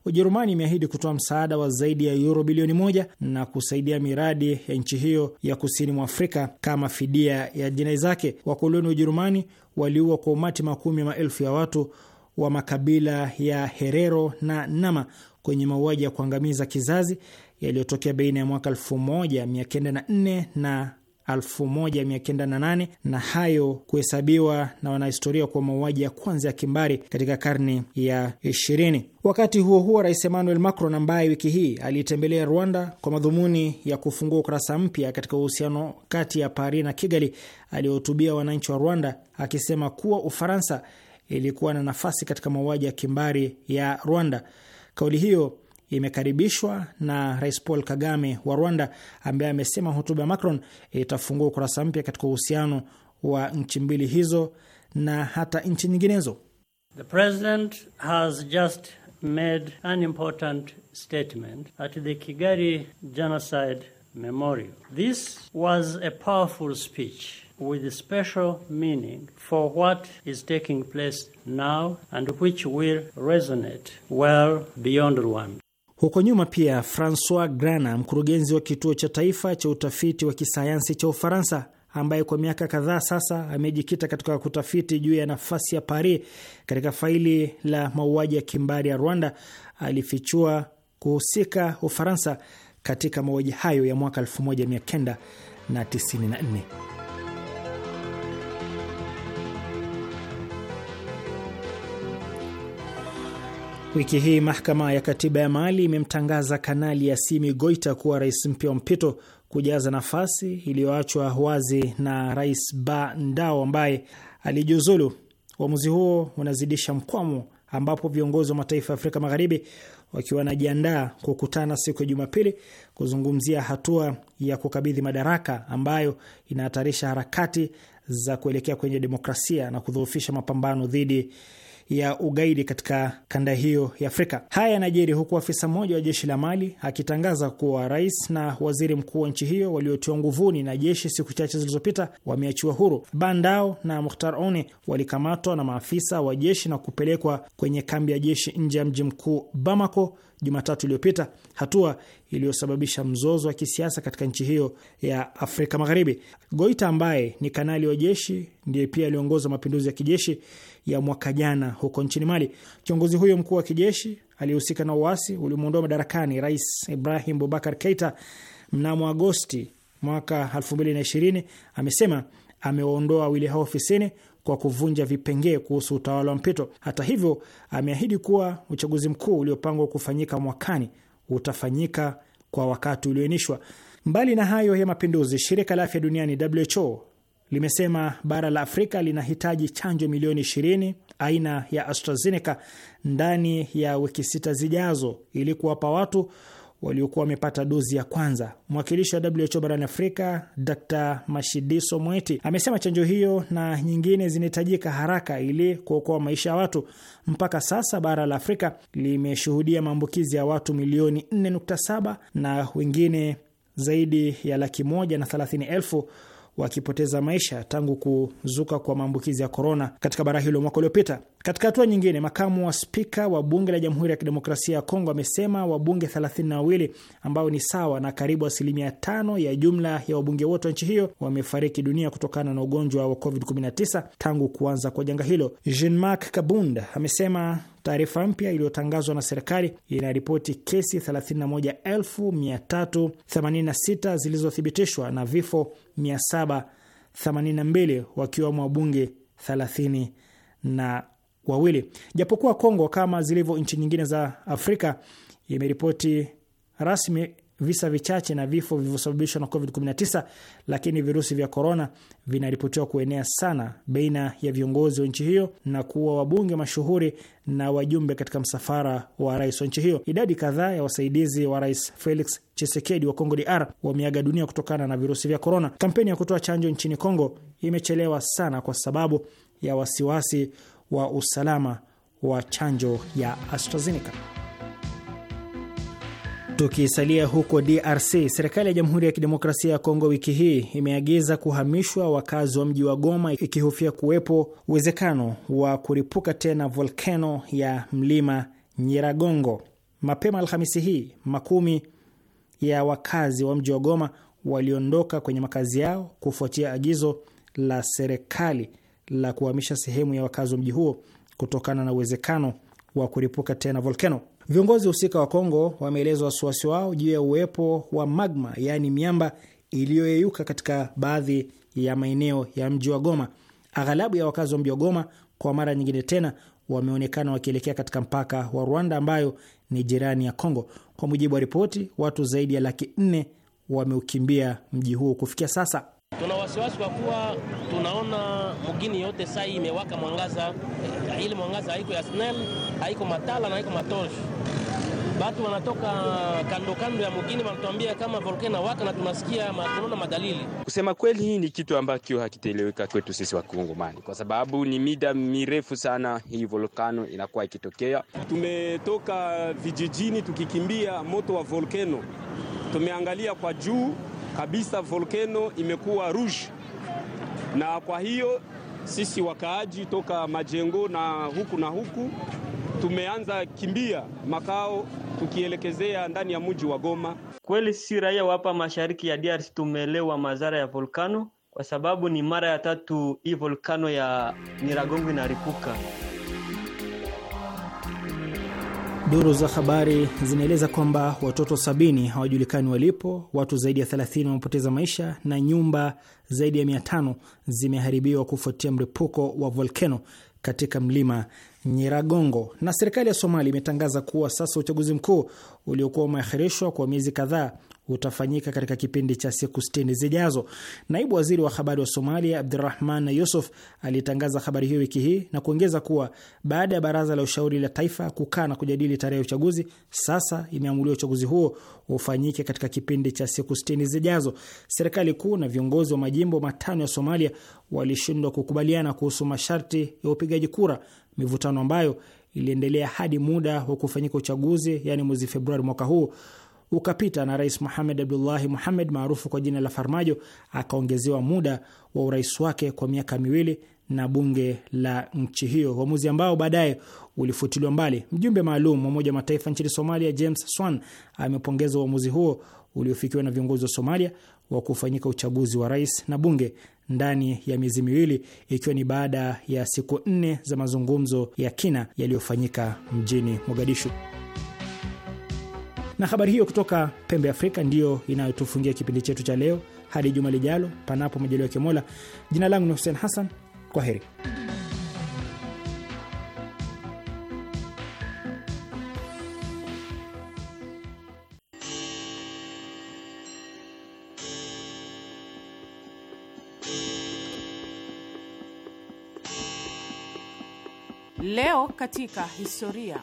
Ujerumani imeahidi kutoa msaada wa zaidi ya yuro bilioni moja na kusaidia miradi ya nchi hiyo ya kusini mwa Afrika kama fidia ya jinai zake. Wakoloni wa Ujerumani waliua kwa umati makumi ya maelfu ya watu wa makabila ya Herero na Nama kwenye mauaji ya kuangamiza kizazi yaliyotokea baina ya mwaka 1904 na 1908 na hayo kuhesabiwa na wanahistoria kwa mauaji ya kwanza ya kimbari katika karne ya 20. Wakati huo huo, Rais Emmanuel Macron ambaye wiki hii aliitembelea Rwanda kwa madhumuni ya kufungua ukurasa mpya katika uhusiano kati ya Paris na Kigali, aliyohutubia wananchi wa Rwanda akisema kuwa Ufaransa ilikuwa na nafasi katika mauaji ya kimbari ya Rwanda. Kauli hiyo imekaribishwa na Rais Paul Kagame wa Rwanda, ambaye amesema hotuba ya Macron itafungua ukurasa mpya katika uhusiano wa nchi mbili hizo na hata nchi nyinginezo. The president has just made an important statement at the Kigali genocide memorial. This was a powerful speech with special meaning for what is taking place now and which will resonate well beyond Rwanda. Huko nyuma pia, Francois Grana, mkurugenzi wa kituo cha taifa cha utafiti wa kisayansi cha Ufaransa, ambaye kwa miaka kadhaa sasa amejikita katika kutafiti juu ya nafasi ya Paris katika faili la mauaji ya kimbari ya Rwanda, alifichua kuhusika Ufaransa katika mauaji hayo ya mwaka 1994. Wiki hii mahakama ya katiba ya Mali imemtangaza Kanali Yasimi Goita kuwa rais mpya wa mpito kujaza nafasi iliyoachwa wazi na Rais Ba Ndao ambaye alijiuzulu. Uamuzi huo unazidisha mkwamo ambapo viongozi wa mataifa ya Afrika Magharibi wakiwa wanajiandaa kukutana siku ya Jumapili kuzungumzia hatua ya kukabidhi madaraka ambayo inahatarisha harakati za kuelekea kwenye demokrasia na kudhoofisha mapambano dhidi ya ugaidi katika kanda hiyo ya Afrika. Haya yanajiri huku afisa mmoja wa jeshi la Mali akitangaza kuwa rais na waziri mkuu wa nchi hiyo waliotiwa nguvuni na jeshi siku chache zilizopita wameachiwa huru. Bandao na Mukhtar One walikamatwa na maafisa wa jeshi na kupelekwa kwenye kambi ya jeshi nje ya mji mkuu Bamako Jumatatu iliyopita, hatua iliyosababisha mzozo wa kisiasa katika nchi hiyo ya Afrika Magharibi. Goita ambaye ni kanali wa jeshi ndiye pia aliongoza mapinduzi ya kijeshi ya mwaka jana huko nchini Mali. Kiongozi huyo mkuu wa kijeshi aliyehusika na uasi uliomwondoa madarakani Rais Ibrahim Bubakar Keita mnamo Agosti mwaka 2020, amesema amewaondoa wawili hao ofisini kwa kuvunja vipengee kuhusu utawala wa mpito. Hata hivyo, ameahidi kuwa uchaguzi mkuu uliopangwa kufanyika mwakani utafanyika kwa wakati ulioainishwa. Mbali na hayo ya mapinduzi, shirika la afya duniani WHO limesema bara la Afrika linahitaji chanjo milioni 20 aina ya AstraZeneca ndani ya wiki sita zijazo ili kuwapa watu waliokuwa wamepata dozi ya kwanza. Mwakilishi wa WHO barani Afrika, Dr Mashidiso mweti amesema chanjo hiyo na nyingine zinahitajika haraka ili kuokoa maisha ya watu. Mpaka sasa bara la Afrika limeshuhudia maambukizi ya watu milioni 4.7 na wengine zaidi ya laki moja na thelathini elfu wakipoteza maisha tangu kuzuka kwa maambukizi ya korona katika bara hilo mwaka uliopita. Katika hatua nyingine, makamu wa spika wa bunge la Jamhuri ya Kidemokrasia ya Kongo amesema wabunge 32 ambao ni sawa na karibu asilimia tano ya jumla ya wabunge wote wa nchi hiyo wamefariki dunia kutokana na ugonjwa wa COVID-19 tangu kuanza kwa janga hilo. Jean-Marc Kabunda amesema taarifa mpya iliyotangazwa na serikali inaripoti kesi 31386 zilizothibitishwa na vifo 782 wakiwemo wabunge 30 na wawili. Japokuwa Kongo kama zilivyo nchi nyingine za Afrika imeripoti rasmi visa vichache na vifo vilivyosababishwa na COVID-19, lakini virusi vya korona vinaripotiwa kuenea sana baina ya viongozi wa nchi hiyo na kuwa wabunge mashuhuri na wajumbe katika msafara wa rais wa nchi hiyo. Idadi kadhaa ya wasaidizi wa rais Felix Chisekedi wa Kongo DR wameaga dunia kutokana na virusi vya korona. Kampeni ya kutoa chanjo nchini Kongo imechelewa sana kwa sababu ya wasiwasi wa usalama wa chanjo ya AstraZeneca. Tukisalia huko DRC, serikali ya Jamhuri ya Kidemokrasia ya Kongo wiki hii imeagiza kuhamishwa wakazi wa mji wa Goma ikihofia kuwepo uwezekano wa kuripuka tena volkano ya mlima Nyiragongo. Mapema Alhamisi hii makumi ya wakazi wa mji wa Goma waliondoka kwenye makazi yao kufuatia agizo la serikali la kuhamisha sehemu ya wakazi wa mji huo kutokana na uwezekano wa kuripuka tena volkano. Viongozi husika wa Kongo wameeleza wasiwasi wao juu ya uwepo wa magma, yaani miamba iliyoyeyuka katika baadhi ya maeneo ya mji wa Goma. Aghalabu ya wakazi wa mji wa Goma kwa mara nyingine tena wameonekana wakielekea katika mpaka wa Rwanda ambayo ni jirani ya Kongo. Kwa mujibu wa ripoti, watu zaidi ya laki nne wameukimbia mji huo kufikia sasa. Tuna wasiwasi kwa kuwa tunaona mgini yote sai imewaka mwangaza, eh, ile mwangaza haiko ya SNEL, haiko matala na haiko matosh Batu wanatoka kando kando ya mgini wanatuambia kama volkano waka, na tunasikia tunaona madalili. Kusema kweli, hii ni kitu ambacho hakiteleweka kwetu sisi wa Wakongomani, kwa sababu ni mida mirefu sana hii volkano inakuwa ikitokea. Tumetoka vijijini tukikimbia moto wa volkano, tumeangalia kwa juu kabisa, volkeno imekuwa rouge, na kwa hiyo sisi wakaaji toka majengo na huku na huku tumeanza kimbia makao tukielekezea ndani ya mji wa Goma. Kweli si raia wa hapa mashariki ya DRC tumeelewa madhara ya volkano, kwa sababu ni mara ya tatu hii volkano ya Nyiragongo inaripuka. Duru za habari zinaeleza kwamba watoto sabini hawajulikani walipo, watu zaidi ya 30 wamepoteza maisha na nyumba zaidi ya 500 zimeharibiwa kufuatia mlipuko wa volkeno katika mlima Nyiragongo. Na serikali ya Somalia imetangaza kuwa sasa uchaguzi mkuu uliokuwa umeahirishwa kwa miezi kadhaa utafanyika katika kipindi cha siku 60 zijazo. Naibu waziri wa habari wa Somalia Abdurahman Yusuf alitangaza habari hiyo wiki hii na kuongeza kuwa baada ya baraza la ushauri la taifa kukaa na kujadili tarehe ya uchaguzi, sasa imeamuliwa uchaguzi huo ufanyike katika kipindi cha siku 60 zijazo. Serikali kuu na viongozi wa majimbo matano ya Somalia walishindwa kukubaliana kuhusu masharti ya upigaji kura, mivutano ambayo iliendelea hadi muda wa kufanyika uchaguzi, yaani mwezi Februari mwaka huu ukapita na Rais muhamed Abdullahi Muhamed maarufu kwa jina la Farmajo akaongezewa muda wa urais wake kwa miaka miwili na bunge la nchi hiyo, uamuzi ambao baadaye ulifutiliwa mbali. Mjumbe maalum wa Umoja wa Mataifa nchini Somalia James Swan amepongeza uamuzi huo uliofikiwa na viongozi wa Somalia wa kufanyika uchaguzi wa rais na bunge ndani ya miezi miwili, ikiwa ni baada ya siku nne za mazungumzo ya kina yaliyofanyika mjini Mogadishu. Na habari hiyo kutoka pembe Afrika ndiyo inayotufungia kipindi chetu cha leo hadi juma lijalo, panapo majaliwa ya Mola. Jina langu ni Hussein Hassan, kwa heri. Leo katika historia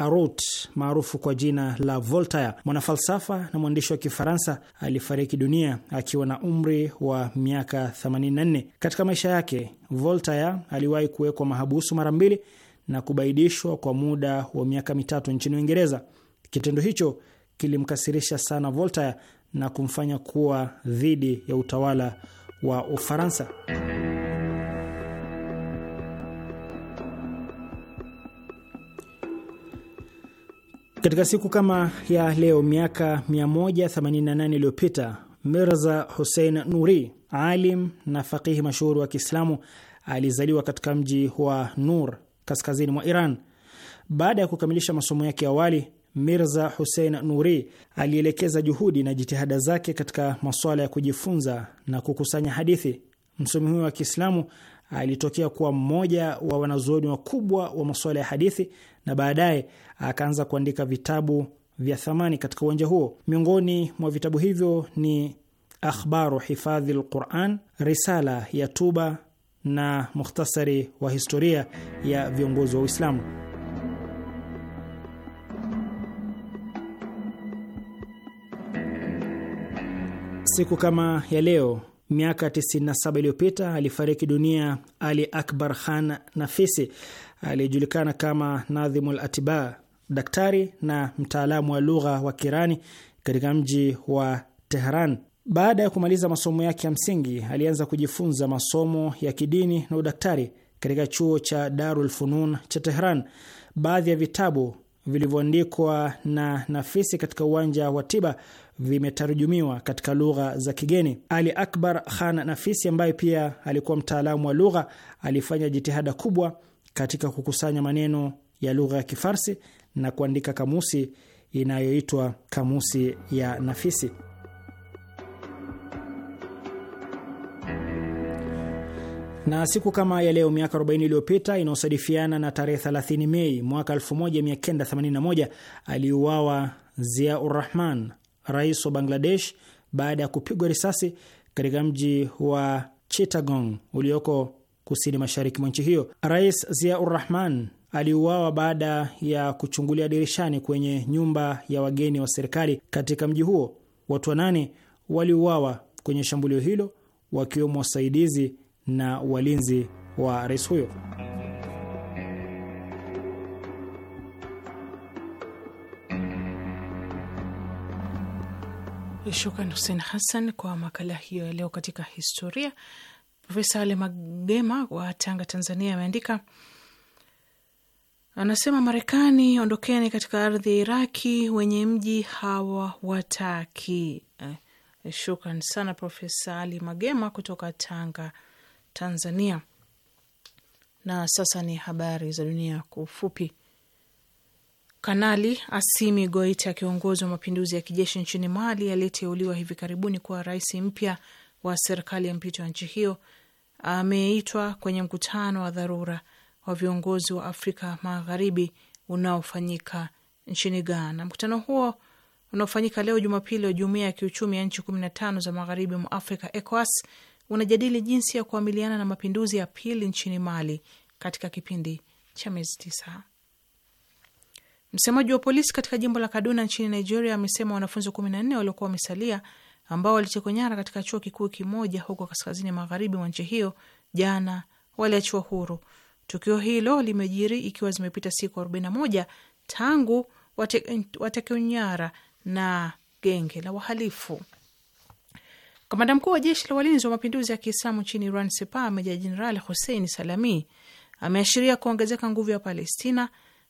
Arut maarufu kwa jina la Voltaire, mwanafalsafa na mwandishi wa Kifaransa alifariki dunia akiwa na umri wa miaka 84. Katika maisha yake, Voltaire aliwahi kuwekwa mahabusu mara mbili na kubaidishwa kwa muda wa miaka mitatu nchini Uingereza. Kitendo hicho kilimkasirisha sana Voltaire na kumfanya kuwa dhidi ya utawala wa Ufaransa. Katika siku kama ya leo miaka 188 iliyopita Mirza Hussein Nuri, alim na faqihi mashuhuri wa Kiislamu, alizaliwa katika mji wa Nur kaskazini mwa Iran. Baada ya kukamilisha masomo yake awali, Mirza husein Nuri alielekeza juhudi na jitihada zake katika masuala ya kujifunza na kukusanya hadithi. Msomi huyo wa Kiislamu alitokea kuwa mmoja wa wanazuoni wakubwa wa, wa masuala ya hadithi na baadaye akaanza kuandika vitabu vya thamani katika uwanja huo. Miongoni mwa vitabu hivyo ni Akhbaru Hifadhi Lquran, risala ya tuba na mukhtasari wa historia ya viongozi wa Uislamu. Siku kama ya leo miaka 97 iliyopita alifariki dunia Ali Akbar Khan Nafisi aliyejulikana kama Nadhimul Atiba, daktari na mtaalamu wa lugha wa Kirani katika mji wa Tehran. Baada ya kumaliza masomo yake ya msingi, alianza kujifunza masomo ya kidini na udaktari katika chuo cha Darul Funun cha Tehran. Baadhi ya vitabu vilivyoandikwa na Nafisi katika uwanja wa tiba vimetarujumiwa katika lugha za kigeni. Ali Akbar Khan Nafisi, ambaye pia alikuwa mtaalamu wa lugha, alifanya jitihada kubwa katika kukusanya maneno ya lugha ya Kifarsi na kuandika kamusi inayoitwa Kamusi ya Nafisi. Na siku kama ya leo miaka 40 iliyopita inayosadifiana na tarehe 30 Mei mwaka 1981 aliuawa zia Rahman, rais wa Bangladesh, baada ya kupigwa risasi katika mji wa Chittagong ulioko kusini mashariki mwa nchi hiyo. Rais Ziaur Rahman aliuawa baada ya kuchungulia dirishani kwenye nyumba ya wageni wa serikali katika mji huo. Watu wanane waliuawa kwenye shambulio hilo, wakiwemo wasaidizi na walinzi wa rais huyo. Shukran Hussein Hassan kwa makala hiyo ya leo katika historia. Profesa Ale Magema wa Tanga, Tanzania ameandika anasema, Marekani ondokeni katika ardhi ya Iraki, wenye mji wataki. Eh, shukran sana Profesa Ali Magema kutoka Tanga, Tanzania. Na sasa ni habari za dunia kwa ufupi. Kanali Asimi Goita, kiongozi wa mapinduzi ya kijeshi nchini Mali aliyeteuliwa hivi karibuni kuwa rais mpya wa serikali ya mpito ya nchi hiyo ameitwa kwenye mkutano wa dharura wa viongozi wa Afrika Magharibi unaofanyika nchini Ghana. Mkutano huo unaofanyika leo Jumapili wa jumuia ya Kiuchumi ya nchi 15 za magharibi mwa Afrika, ECOWAS, unajadili jinsi ya kuamiliana na mapinduzi ya pili nchini Mali katika kipindi cha miezi tisa. Msemaji wa polisi katika jimbo la Kaduna nchini Nigeria amesema wanafunzi 14 waliokuwa wamesalia ambao walitekwa nyara katika chuo kikuu kimoja huko kaskazini magharibi mwa nchi hiyo, jana waliachiwa huru. Tukio hilo limejiri ikiwa zimepita siku 41 tangu watekwe nyara na genge la wahalifu. Kamanda mkuu wa jeshi la walinzi wa mapinduzi ya Kiislamu nchini Iran, Sepa, Meja Jenerali Hussein Salami ameashiria kuongezeka nguvu ya Palestina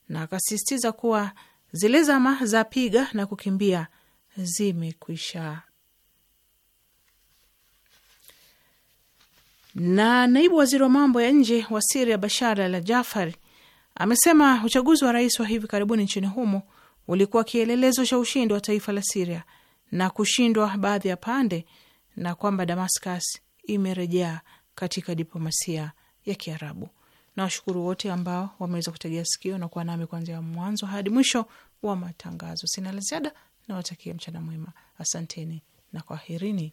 na akasisitiza kuwa zile zama za piga na kukimbia zimekwisha. Na naibu waziri wa mambo ya nje wa Siria Bashar al Jafari amesema uchaguzi wa rais wa hivi karibuni nchini humo ulikuwa kielelezo cha ushindi wa taifa la Siria na kushindwa baadhi ya pande na kwamba Damascus imerejea katika diplomasia ya Kiarabu. Nawashukuru wote ambao wameweza kutegea sikio na kuwa nami kuanzia mwanzo hadi mwisho wa matangazo. Sina la ziada, nawatakia mchana mwema. Asanteni na kwaherini.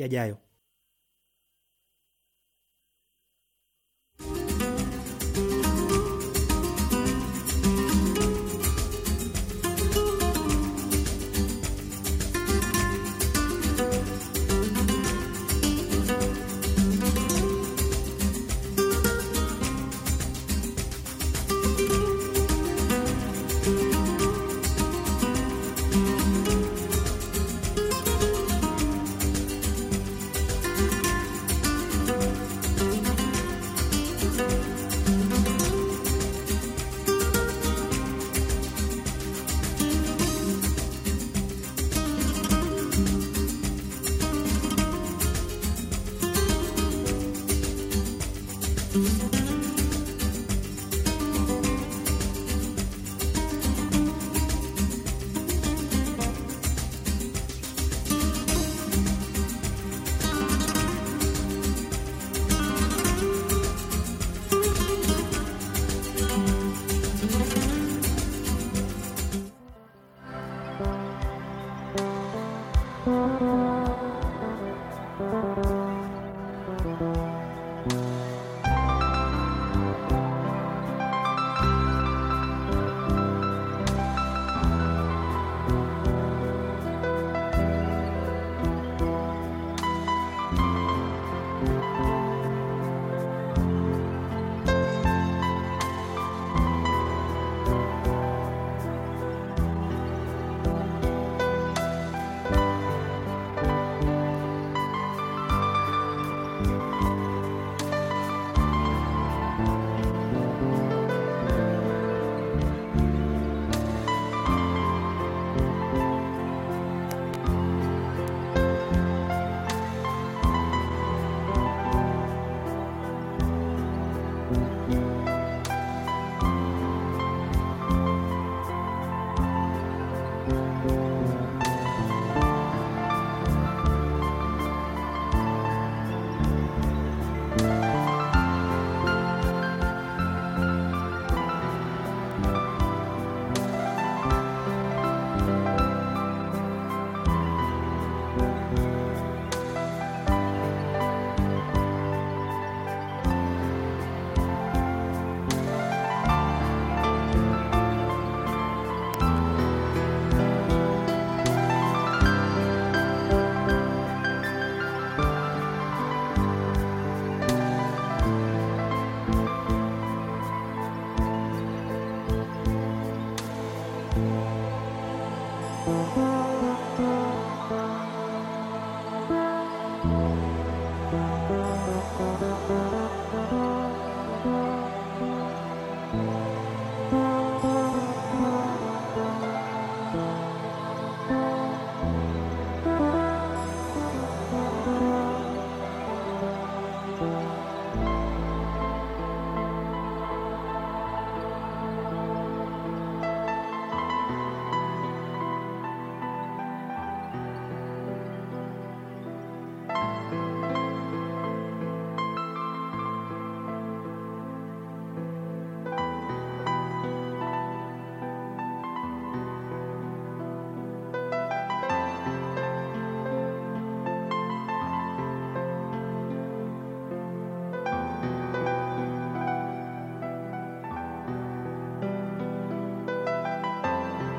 yajayo.